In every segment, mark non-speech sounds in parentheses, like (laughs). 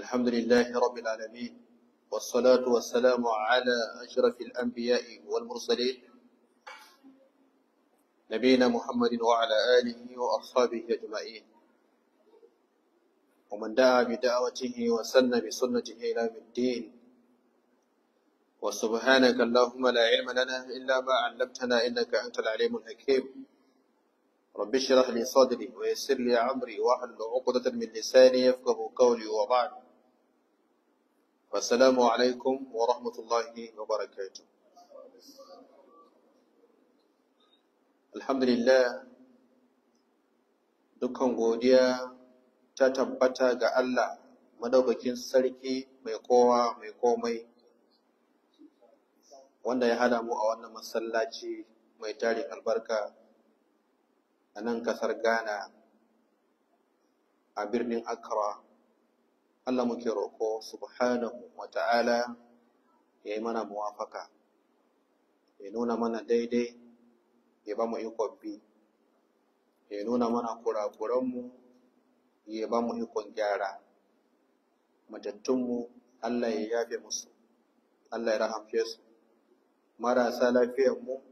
الحمد لله رب العالمين والصلاة والسلام على أشرف الأنبياء والمرسلين نبينا محمد وعلى آله وأصحابه أجمعين ومن دعا بدعوته وسن بسنته إلى الدين وسبحانك اللهم لا علم لنا إلا ما علمتنا إنك أنت العليم الحكيم رب اشرح لي صدري ويسر لي عمري واحلل عقدة من لساني يفقه قولي وبعد Assalamu alaikum wa rahmatullahi wa barakatuh. Alhamdulillah, dukkan godiya ta tabbata ga Allah madaukakin sarki mai kowa mai komai, wanda ya hada mu a wannan masallaci mai tarin albarka a nan kasar Ghana a birnin Accra. Allah muke roƙo subhanahu wa ta'ala ya yi mana muwafaka ya nuna mana daidai ya ba mu ikon bi ya nuna mana kurakuranmu ya ba mu ikon gyara majattunmu Allah ya yafe musu Allah ya rahamfe su marasa lafiyanmu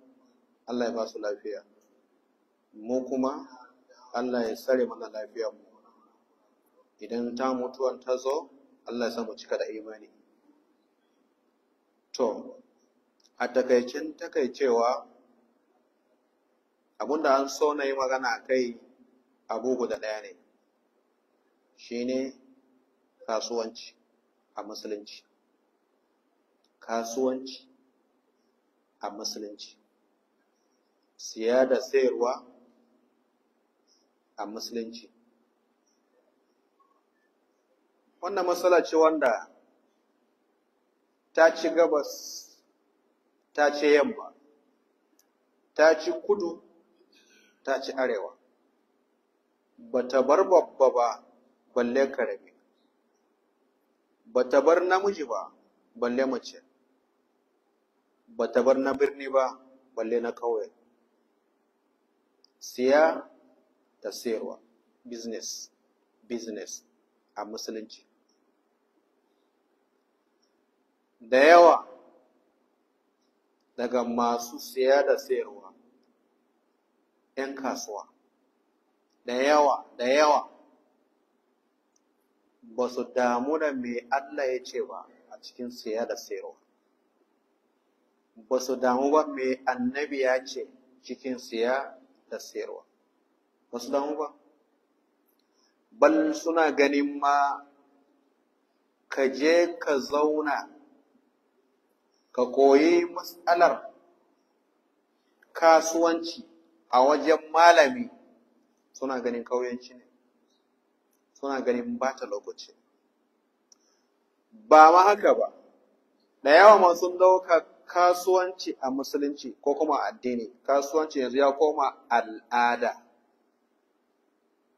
Allah ya ba su lafiya mu kuma Allah ya tsare mana lafiyanmu idan ta mutuwan ta zo Allah ya mu cika da imani to a takaicin takaicewa abinda an so na yi magana kai abu guda ɗaya ne shine kasuwanci a musulunci kasuwanci a musulunci siya da sayarwa a musulunci wannan matsala ce wanda ta ci gabas ta ce yamma ta ci kudu ta ci arewa ba ta bar babba ba balle karami ba ta bar namiji ba balle mace ba ta bar na birni ba balle na kauye siya da sayarwa business business a musulunci da yawa daga masu siya da sayarwa ‘yan kasuwa da yawa da yawa ba su damu da mai Allah ya ce ba a cikin siya da sayarwa ba su damu ba mai annabi ya ce cikin siya da sayarwa ba su damu ba bal suna ganin ma ka je ka zauna ka koyi matsalar kasuwanci a wajen malami suna ganin kauyanci ne suna ganin ta lokaci ba ma haka ba da yawa ma sun dauka kasuwanci a musulunci ko kuma addini kasuwanci yanzu ya koma al'ada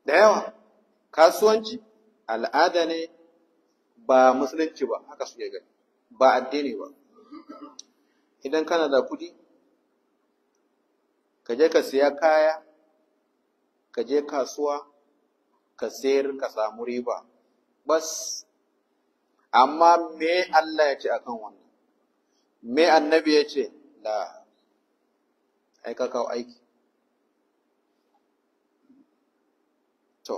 da yawa kasuwanci al'ada ne ba musulunci ba haka suke gani ba addini ba idan kana da kuɗi ka je ka siya kaya ka je kasuwa ka sayar ka samu riba bas amma me Allah ya ce akan wannan me annabi ya ce da ka kawo aiki to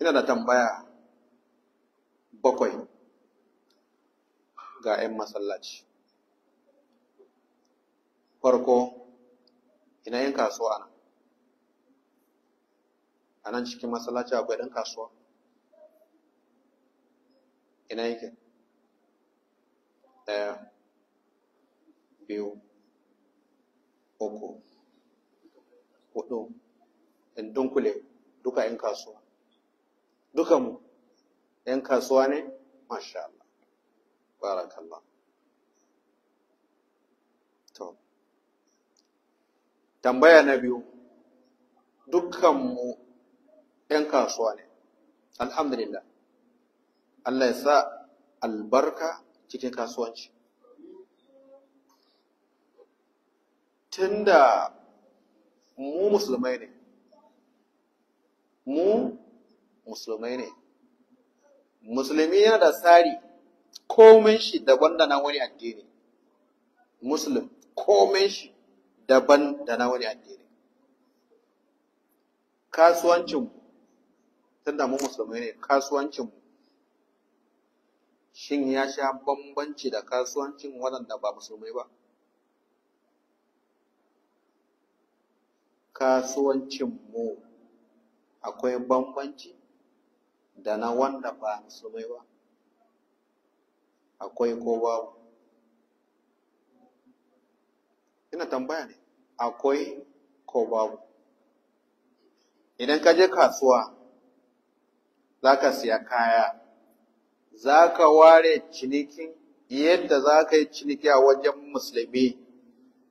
ina da tambaya bakwai ga 'yan masallaci farko ina yin kasuwa nan a nan cikin masallaci akwai ɗan kasuwa ina yake ɗaya biyu uku hudu in dunkule duka 'yan kasuwa dukanmu 'yan kasuwa ne masha barakallah tambaya na biyu dukkanmu 'yan kasuwa ne alhamdulillah Allah ya sa albarka cikin kasuwanci tunda mu musulmai ne musulmi yana da tsari komen shi daban da na wani addini muslim komen shi daban da na wani addini kasuwancin tunda mu musulmai ne kasuwancin shin ya sha bambanci da kasuwancin waɗanda ba musulmai ba kasuwancin mu akwai bambanci da na wanda ba musulmai ba akwai ko babu ina tambaya ne akwai ko babu idan ka je kasuwa za ka siya kaya za ka ware cinikin yadda za ka yi ciniki a wajen musulmi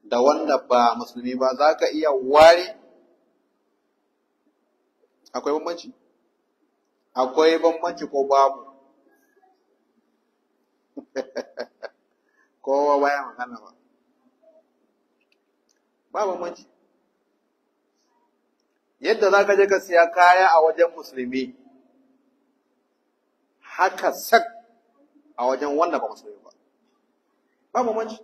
da wanda ba musulmi ba za ka iya ware akwai bambanci akwai bambanci ko babu (laughs) kowa baya magana ba ba bambanci yadda za ka je ka siya kaya a wajen musulmi haka sak a wajen wanda ba musulmi ba ba bambanci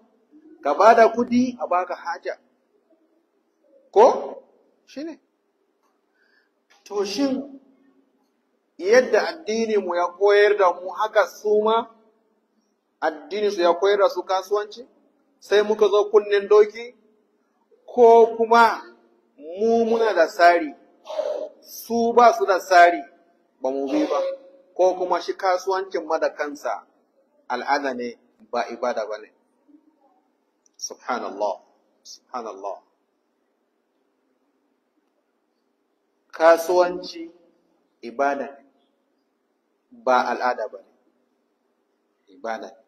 ka ba da kudi a baka haja ko shi ne to shin yadda addininmu ya koyar da mu haka suma? ma su ya koyar da su kasuwanci sai muka zo kunnen doki ko kuma mu muna da tsari su ba su da tsari ba mu bi ba ko kuma shi kasuwancin ma da kansa al'ada ne ba ibada ba ne subhanallah subhanallah kasuwanci ibada ne ba al'ada ba ne ibada ne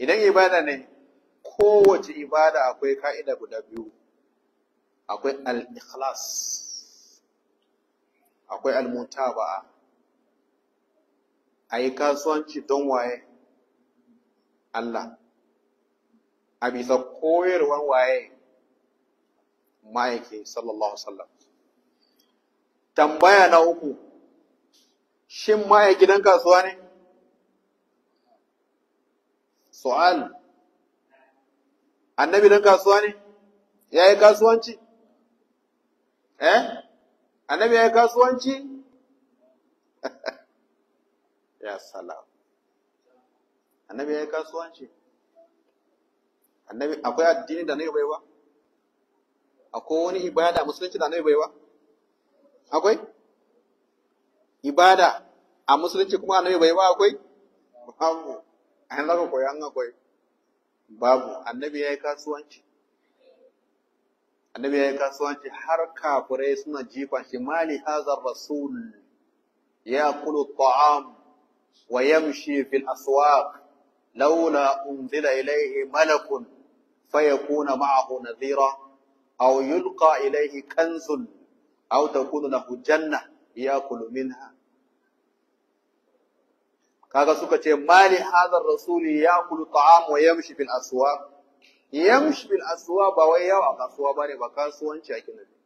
idan ibada ne kowace ibada akwai ka'ida guda biyu akwai al-ikhlas akwai al-mutaba'a a yi kasuwanci don waye Allah a bisa koyarwar waye ma'aiki sallallahu wasallam tambaya na uku shin gidan kasuwa ne su'al annabi dan kasuwa ne ya yi kasuwanci eh annabi ya yi kasuwanci (laughs) ya salam annabi ya yi kasuwanci annabi akwai addini da nai baiwa akwai wani ibada musulunci da nai baiwa akwai ibada a musulunci kuma annabi baiwa akwai babu an zaka koya an akwai babu annabi ya yi kasuwanci annabi ya yi kasuwanci har kafirai suna jifan shi mali hazar rasul ya kulu ta'am wa yamshi fil aswaq laula unzila ilayhi malakun fayakuna ma'ahu nadhira aw yulqa ilayhi kanzun aw takunu lahu janna ya kulu minha kaga suka ce mali hadar rasuli ya kulu ta'am wa yamshi fil aswa yamshi fil aswa ba wai yawa a kasuwa bane ba kasuwanci yake nabi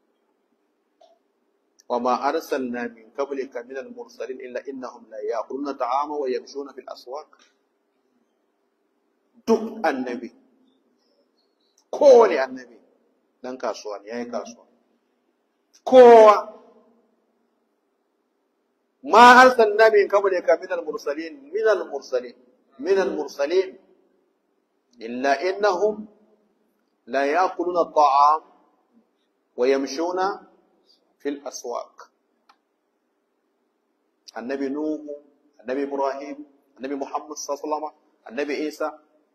wa ma arsalna min qablika min al mursalin illa innahum la yaquluna ta'ama wa yamshuna fil aswaq duk annabi kowane annabi dan kasuwa ne yayi kasuwa kowa ما أرسلنا من قبلك من المرسلين من المرسلين من المرسلين إلا إنهم لا يأكلون الطعام ويمشون في الأسواق النبي نوح النبي إبراهيم النبي محمد صلى الله عليه وسلم النبي عيسى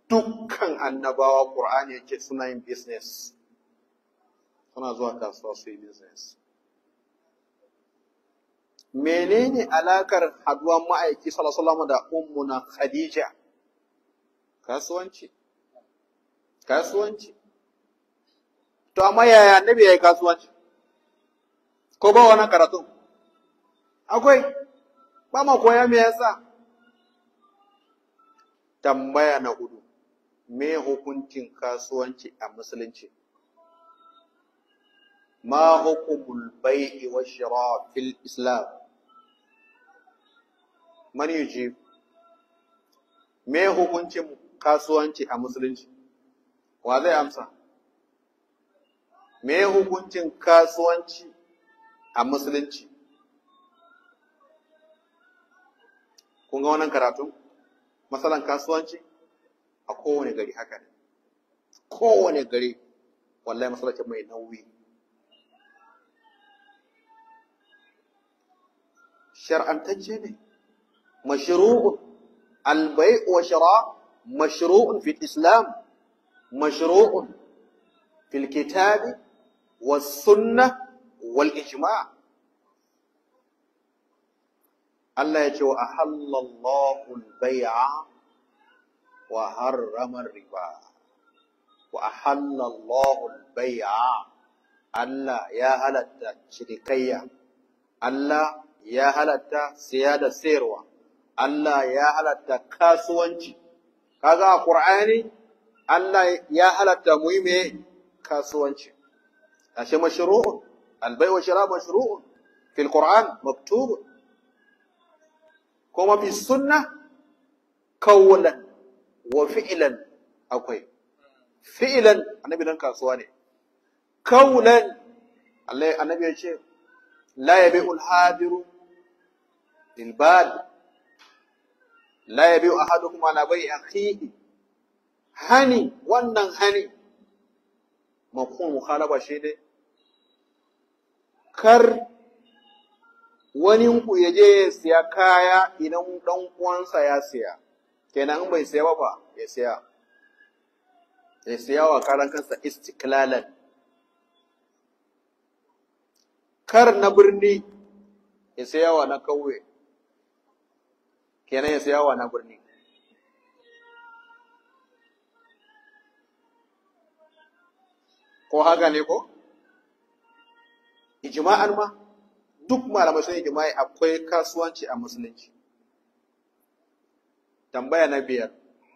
dukkan annabawa Qur'ani yake suna yin business suna zuwa business menene alakar haduwan ma'aiki salasalama da ummuna khadija kasuwanci kasuwanci to amma yaya annabi yi kasuwanci ko ba wani karatu akwai ba ma koya me yasa tambaya na hudu me hukuncin kasuwanci a musulunci ma hukumul bai'i wa shira islam man yuji me hukuncin kasuwanci a musulunci wa zai amsa me hukuncin kasuwanci a musulunci kun ga wannan karatu matsalan kasuwanci a kowane gari haka ne kowane gari wallahi ce mai nauyi shar'antacce ne مشروع البيع وشراء مشروع في الإسلام مشروع في الكتاب والسنة والإجماع الله يجوا أحل الله البيع وحرم الربا وأحل الله البيع الله يا هلتا شركية الله يا هلتا سيادة سيروة Allah ya halatta kasuwanci kaga a Qur'ani Allah ya halatta mu kasuwanci ashe mashru'un albay wa shira mashru'un fil Qur'an maktub kuma fi sunna kaulan wa fi'lan akwai fi'lan annabi dan kasuwa ne kaulan Allah annabi ya ce la yabi'ul hadiru lil bal la yabi'u kuma ala bai akhihi hani wannan hani mafhum mukhalaba shi ne. kar wani ku ya je ya siya kaya idan ɗan uwansa ya siya kenan in bai siya ba ya siya ya siya wa karan kansa istiklalan kar na birni ya siya wa na kauye kenan ya wa na birni ko haka ne ko Ijima'an ma duk malamai sun jima'i akwai kasuwanci a musulunci tambaya na biyar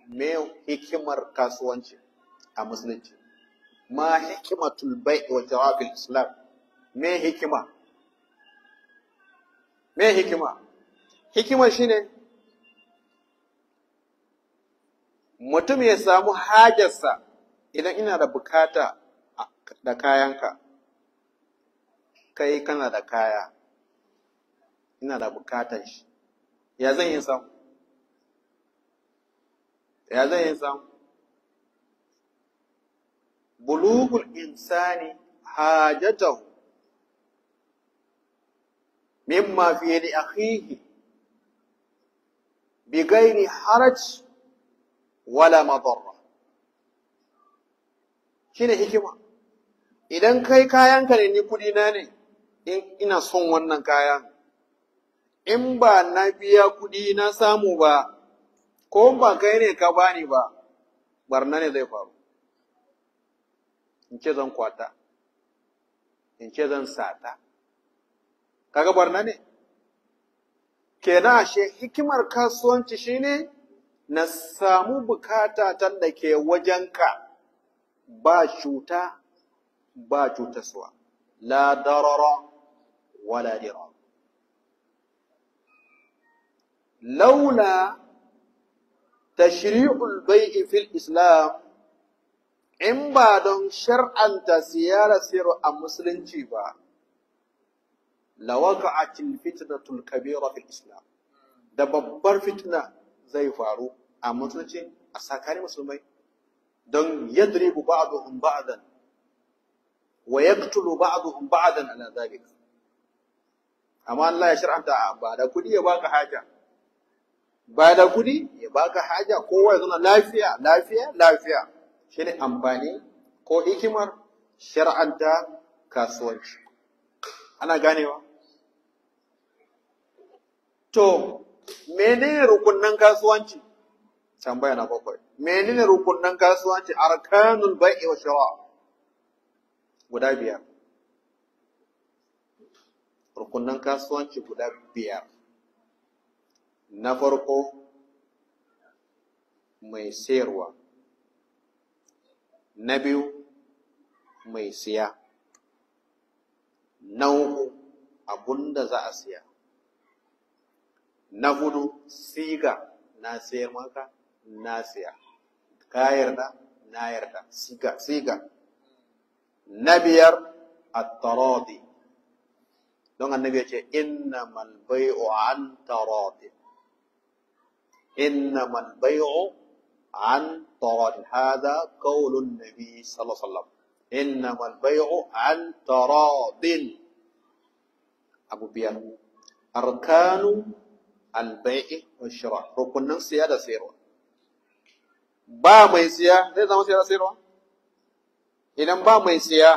me hikimar kasuwanci a musulunci ma hikimatul bai'i wa tawafil islam me hikima me hikima hikimar shine mutum ya samu hajarsa idan ina da bukata da kayanka kai kana da kaya ina da bukatar shi ya zan yi samu ya zan yi samu bulugul insani hajatahu mimma fi yadi akhihi bi ghairi haraj wala madarra shine hikima idan kai kayan ka ne ni kudi na ne in ina son wannan kayan in ba na biya kudi na samu ba ko ba kai ne ka bani ba barna ne zai faru in ce zan kwata in ce zan sata kaga barna ne kenan ashe hikimar kasuwanci shine na samu bukata tan da ke wajenka ba cuta ba cutaswa la darara wala dirar laula tashri'ul bai'i fil islam in ba don shar'anta siyara siru a musulunci ba lawaka a fitnatul kabira fil islam da babbar fitna zai faru a mutunci a sakani musulmai don ba a ba a zan, wa ya ba a ba a ba'dan ala zalika amma Allah ya shir'anta ba da kudi ya baka haja ba da kudi ya baka haja kowa ya zama lafiya lafiya lafiya ne amfani ko hikimar shir'anta kasuwanci ana ganewa to mene rukunnan kasuwanci tambaya na bakwai menene rukunan kasuwanci arkanul bai'i wa shira guda biyar rukunan kasuwanci guda biyar na farko mai sayarwa na biyu mai siya na uku abunda za a siya na hudu siga na sayar maka ناسيا كايرنا نايرنا سيكا سيكا نبير التراضي دون النبي يقول إنما البيع عن تراضي إنما البيع عن تراضي هذا قول النبي صلى الله عليه وسلم إنما البيع عن تراض أبو بيان أركان البيع والشراء ركن هذا سيرو ba mai siya zai zama siya da sayarwa idan ba mai siya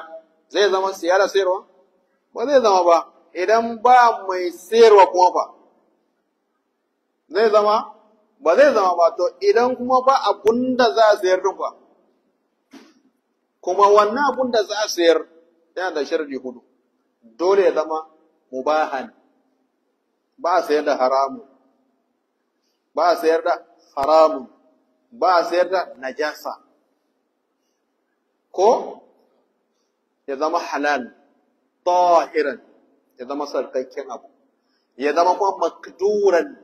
zai zama siya da sayarwa ba zai zama ba idan ba mai sayarwa kuma ba zai zama ba zai zama ba to idan kuma ba abun da za a sayar din ba kuma wannan abun da za a sayar yana da sharadi hudu dole ya zama mubahan ba a sayar da haramun ba a sayar da haramun ba a sayar da najasa ko ya zama halal tahiran ya zama sarkakken abu ya zama kuma makduran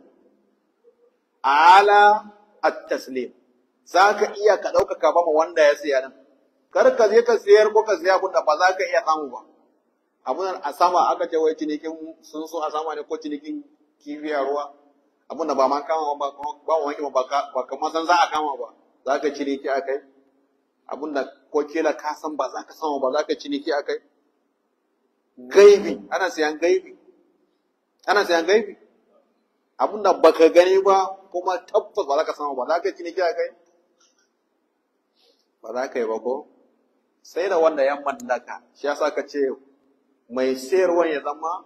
ala at-taslim za ka iya ka ɗaukaka ba ma wanda ya siya nan kar ka je ka sayar ko ka siya kuɗa ba za ka iya samu ba abin a sama aka ce wai cinikin sun so a sama ne ko cinikin kifiya ruwa abin da ba ma kama ba ba wani ba ba kamar san za a kama ba za ka cire ki akai abin da ko kila ka san ba za ka sama ba za ka cire ki akai gaibi ana sayan gaibi ana sayan gaibi abin da ka gani ba kuma tabbas ba za ka sama ba za ka cire ki akai ba za ka yi ba ko sai da wanda ya mallaka shi yasa ka ce mai sayarwa ya zama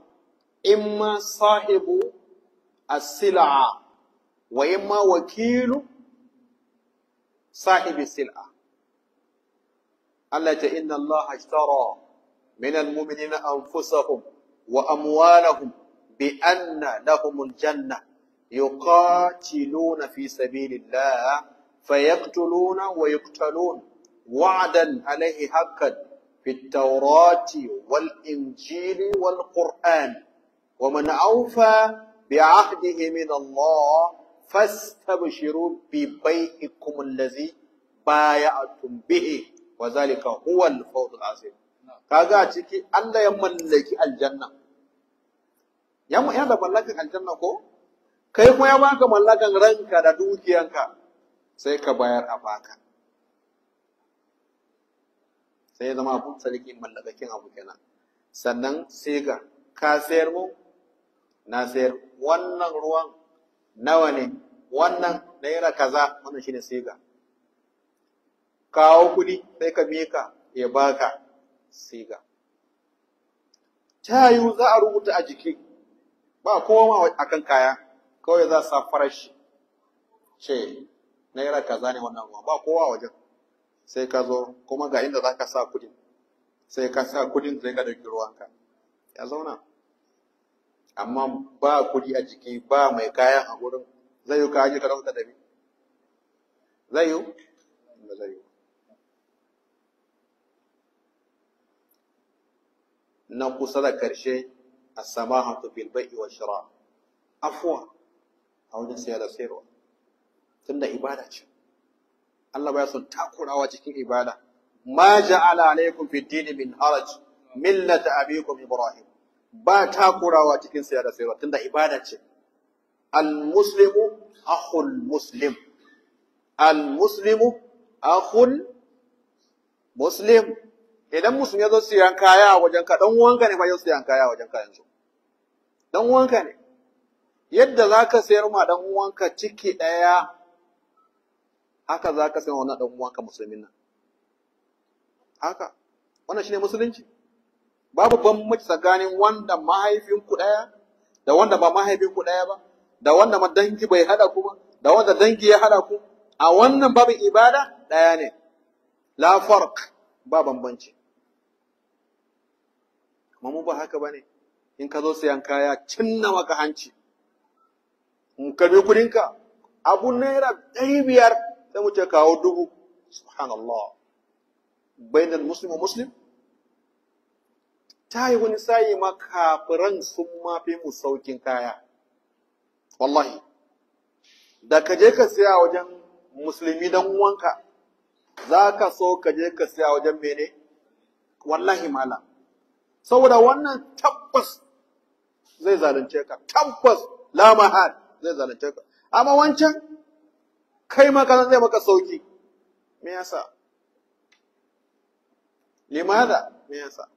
imma sahibu السلعة وإما وكيل صاحب السلعة التي إن الله اشترى من المؤمنين أنفسهم وأموالهم بأن لهم الجنة يقاتلون في سبيل الله فيقتلون ويقتلون وعدا عليه حقا في التوراة والإنجيل والقرآن ومن أوفى بعهده من الله فاستبشروا ببيعكم الذي بايعتم به وذلك هو الفوز العظيم kaga a ciki Allah ya mallaki aljanna ya mu yana mallakan aljanna ko kai kuma ya baka mallakan ranka da dukiyanka sai ka bayar a baka sai ya zama abun sarki mallakakin abu kenan sannan sai ga ka sayar mu na sayar wannan ruwan nawa ne wannan naira kaza wannan ne siga kawo kuɗi sai ka mika ya baka siga ta yiwu za a rubuta a jiki ba kowa a kan kaya kawai za sa farashi ce naira kaza ne wannan ruwa ba kowa wajen sai ka zo kuma ga inda za ka sa kuɗin sai ka sa kuɗin sai ka ɗauki ruwanka ya zauna amma ba kuɗi a jiki ba mai kayan a gurin zai yi kayan ka ka tafi zai yi ba zai yi na kusa da karshe a samaha bil bai'i wa shira afuwa a wajen siya da sayarwa tunda ibada ce Allah ba ya son takurawa cikin ibada ma ja'ala alaikum fid din min haraj millata abikum ibrahim ba takurawa cikin siya da sayarwa tunda ibada ce al-muslimu akhul muslim al-muslimu akhul muslim idan musulmi ya zo siyan kaya a wajen ka dan uwanka ne ba ya siyan kaya a wajen ka yanzu dan uwanka ne yadda zaka sayar ma dan uwanka ciki daya haka zaka sayar wa dan uwanka musulmin nan haka wannan shine musulunci babu bambanci tsakanin wanda mahaifinku ɗaya da wanda ba mahaifinku ɗaya ba da wanda ma dangi bai haɗa ku ba da wanda dangi ya haɗa ku a wannan babu ibada ɗaya ne la farq ba bambanci amma mu ba haka bane in ka zo sayan kaya cinna maka hanci in ka bi ka abu naira ɗari biyar sai mu ce kawo dubu subhanallah bainal muslim wa muslim ta yi wani sayi ma kafiran sun mafi mu saukin kaya wallahi da ka je ka siya wajen musulmi dan uwanka za ka so ka je ka siya wajen mene wallahi mala saboda wannan tabbas zai zalunce ka tabbas la mahal zai zalunce ka amma wancan kai maka zai maka sauki me yasa limada me yasa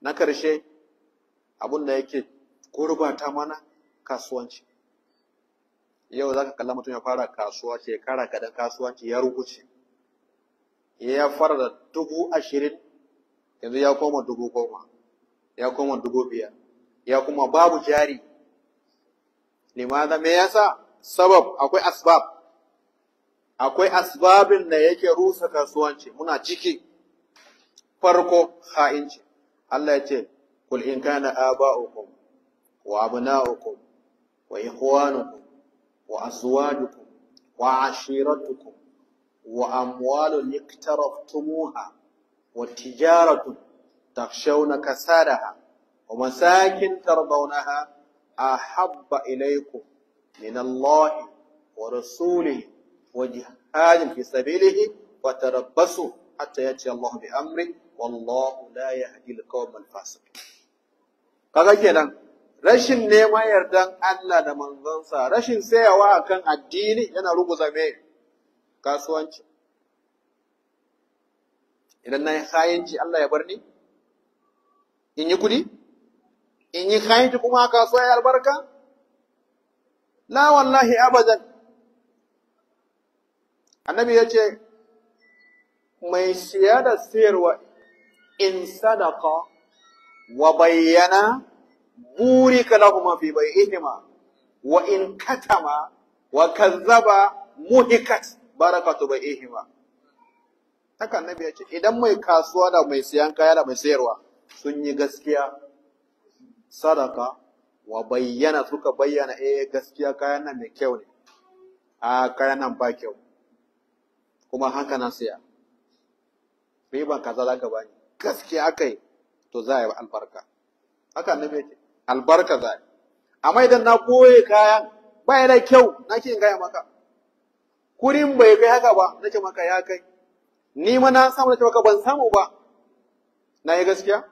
na karshe abin da yake gurbata mana kasuwanci yau zaka kalla mutum ya fara kasuwa shekara kadan kasuwanci ya rubuce ya fara da dubu ashirin yanzu ya koma dubu goma ya koma dubu biyar ya kuma babu jari limaza me yasa sabab akwai asbab akwai asbabin da yake rusa kasuwanci muna ciki farko ha'inci Allah ya ce kul in kana aba'ukum wa abna'ukum wa ikhwanukum wa azwajukum wa ashiratukum wa amwalun iktaraftumuha wa tijaratun takshawna kasadaha wa masakin tardawnaha ahabba ilaykum min Allah wa rasulihi wa jihadin fi sabilihi wa tarabbasu hatta yace Allah bi amri wallahu la yahdi al-qawmal fasiq kaga kenan rashin neman yardan Allah da manzonsa rashin tsayawa akan addini yana ruguza me kasuwanci idan na yi hayanci Allah ya bar ni in yi kudi in yi hayanci kuma kasuwa ya albarka la wallahi abadan annabi ya ce mai siya da sayarwa in sadaka wa bayyana burika lahuma fi bai'ihima wa in katama wa kazzaba muhikat barakatu bai'ihima haka annabi ya ce idan mai kasuwa da mai siyan kaya da mai sayarwa sun yi gaskiya sadaka wa bayyana suka bayyana eh gaskiya kayan nan mai kyau ne a kayan nan ba kyau kuma haka siya. siya ban kaza za ka bani gaskiya aka yi to za a yi albarka haka na yake albarka za a yi amma idan na koye kayan ba da kyau na ke gaya maka kurin bai kai haka ba na ce maka ya kai ni ma na samu na ce maka ban samu ba na yi gaskiya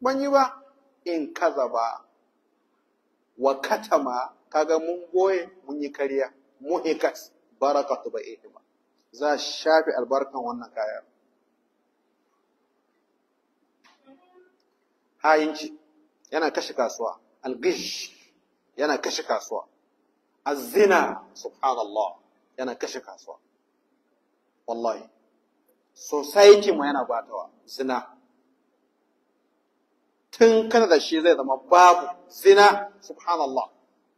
ban yi ba in kaza ba wa ma kaga mun goye mun yi kariya muhikat barakatu ba ihima za shafi albarkan wannan kayan ha'inci yana kashe kasuwa algish yana kashe kasuwa azzina subhanallah yana kashe kasuwa wallahi society mu yana batawa zina tun kana da shi zai zama babu zina subhanallah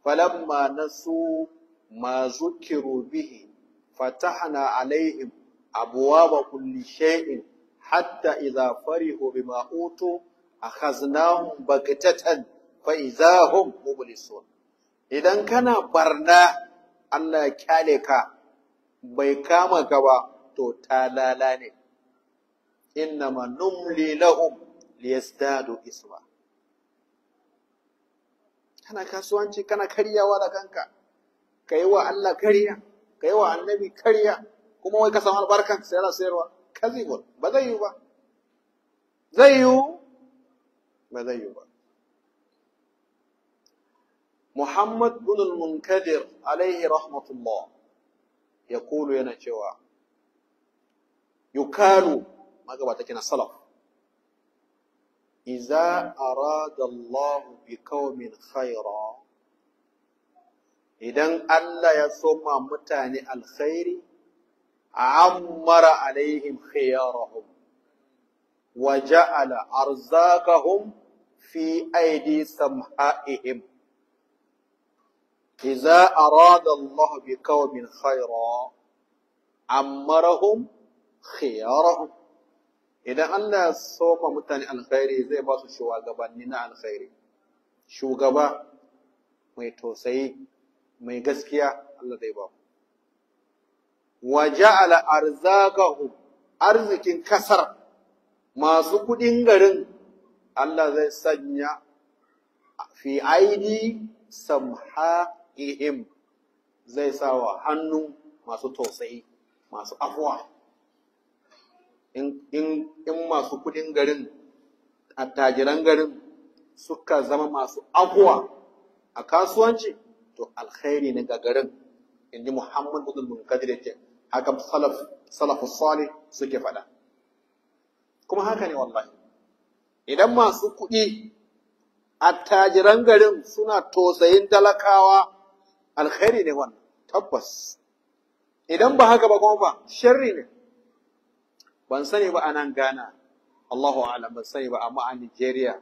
falamma nasu ma zukiru bihi fatahna alaihim abwaaba kulli shay'in hatta idza farihu bima utu akhaznahum bagtatan fa idahum mublisun idan kana barna Allah ya kyale ka bai kama ka ba to talala ne innama numli lahum liyazdadu isma kana kasuwanci kana karyawa da kanka ka yi wa Allah karya, ka yi wa annabi karya, kuma wai ka samu albarkan sai yana sayarwa kazibun ba zai yiwu ba zai yiwu ba yi ba Muhammad bin al-Munkadir alaihi rahmatullah ya kulu yana cewa yukalu magabata kina salaf Iza a Allah bi qaumin khaira idan Allah ya soma mutane alkhairi ammara alaihim khiyarahum wa ja'ala arzakahum fi aidi samha'ihim idza arada Allah bi qaumin khaira ammarahum khiyarahum idan Allah ya soma mutane alkhairi zai ba su shugabanni na alkhairi shugaba mai tausayi mai gaskiya Allah zai ba wa ja'ala arzakahum arzikin kasar masu kudin garin Allah zai sanya fi aidi samha'ihim zai sa wa hannu masu tausayi masu afuwa in masu kudin garin attajiran garin suka zama masu afuwa a kasuwanci to alkhairi ne ga garin in ji muhammad bin munkadir yake haka salih suke faɗa kuma haka ne wallahi idan masu kuɗi attajiran garin suna tosayin talakawa alkhairi ne wannan tabbas idan ba haka ba kuma ba sharri ne ban sani ba a nan Ghana Allahu a'lam ban sani ba amma a Nigeria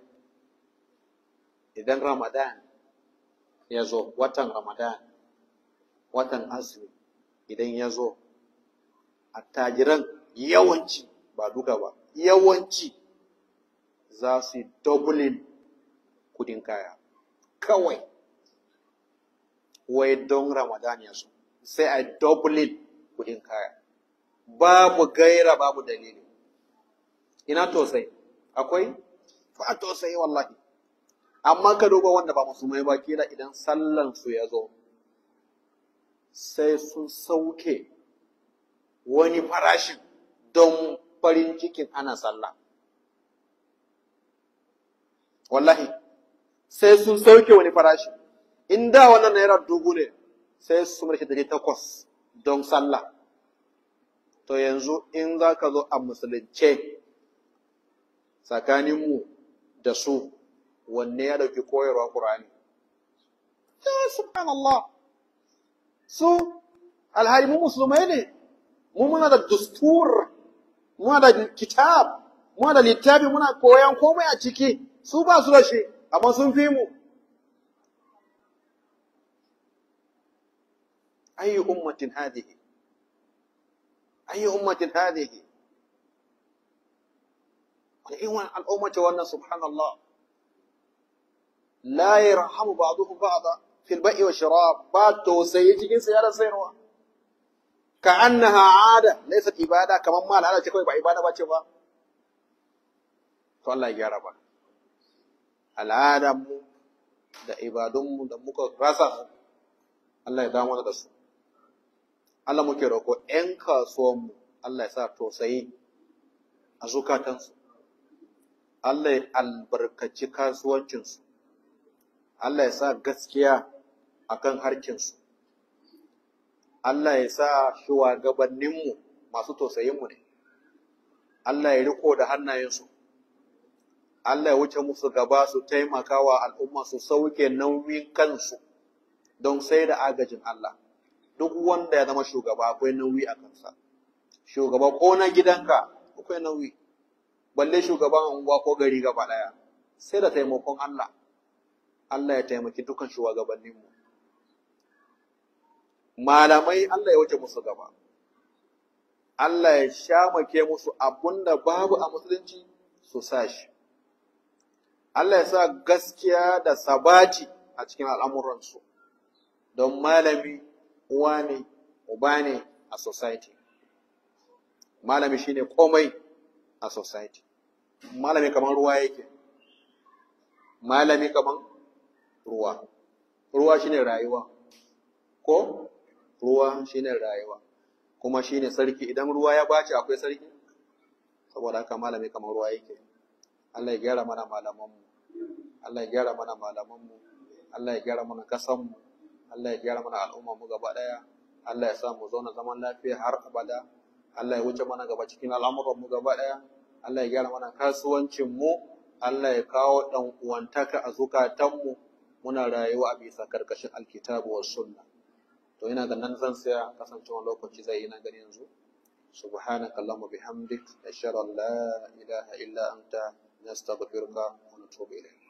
idan Ramadan ya zo watan Ramadan watan azumi idan ya zo attajiran yawanci ba duka ba yawanci za su yi kudin kaya kawai wai don ramadan ya so sai a dablin kudin kaya babu gaira babu dalili ina tosai akwai fa tosai wallahi amma ka duba wanda ba musulmai ba kila idan sallan su ya zo sai sun sauke wani farashin don farin cikin ana sallah wallahi sai sun sauke wani farashi in da wannan naira dubu ne sai su mace dari takwas don sallah to yanzu in za ka zo a musulunce tsakaninmu da su wanne ya ɗauki koyarwa ƙur'ani ya subhanallah su alhali mu musulmai ne mu muna da dustur muna da kitab muna da littafi muna koyan komai a ciki su ba su da amma sun fi mu أي أمة هذه أي أمة هذه الإيمان الأمة وأن سبحان الله لا يرحم بعضهم بعضا في البيع والشراب بات توسيجي سيارة سيروة كأنها عادة ليست عبادة كما ما لا تكون عبادة باتشوا فالله يجاربك al'adarmu da ibadunmu da muka rasa Allah ya damu da su Allah muke roƙo ‘yan kasuwanmu Allah ya sa tausayi a zukatansu Allah ya albarkaci kasuwancinsu Allah ya sa gaskiya a kan harkinsu Allah ya sa shugabanninmu masu tausayinmu ne Allah ya riko da hannayensu Allah ya wuce musu gaba su taimaka wa al'umma su sauke nauyin kansu don sai da agajin Allah. Duk wanda ya zama shugaba akwai nauyi a kansa. Shugaba ko na gidanka akwai nauyi. Balle shugaban unguwa ko gari gaba ɗaya. Sai da taimakon Allah. Allah ya taimaki dukan shugabanninmu. Malamai Allah ya wuce musu gaba. Allah ya shamake musu abunda babu a musulunci su sa shi. Allah ya sa gaskiya da sabati a cikin al'amuransu don malami uwa ne uba ne a society malami shine komai a society malami kamar ruwa yake malami kamar ruwa ruwa shine rayuwa ko ruwa shine rayuwa kuma shine sarki idan ruwa ya bace akwai sarki saboda haka malami kamar ruwa yake Allah ya gyara mana malamanmu Allah ya gyara mana malamanmu Allah ya gyara mana kasanmu Allah ya gyara mana al'ummarmu gaba daya Allah ya sa mu zauna zaman lafiya har abada Allah ya wuce mana gaba cikin al'amuranmu gaba daya Allah ya gyara mana kasuwancinmu Allah ya kawo ɗan uwantaka a zukatanmu muna rayuwa a bisa karkashin alkitabu wa sunna to ina ga nan zan saya kasancewa lokaci zai yi na gani yanzu subhanakallahumma bihamdik ashhadu an la ilaha illa anta نستغفرك ونتوب إليك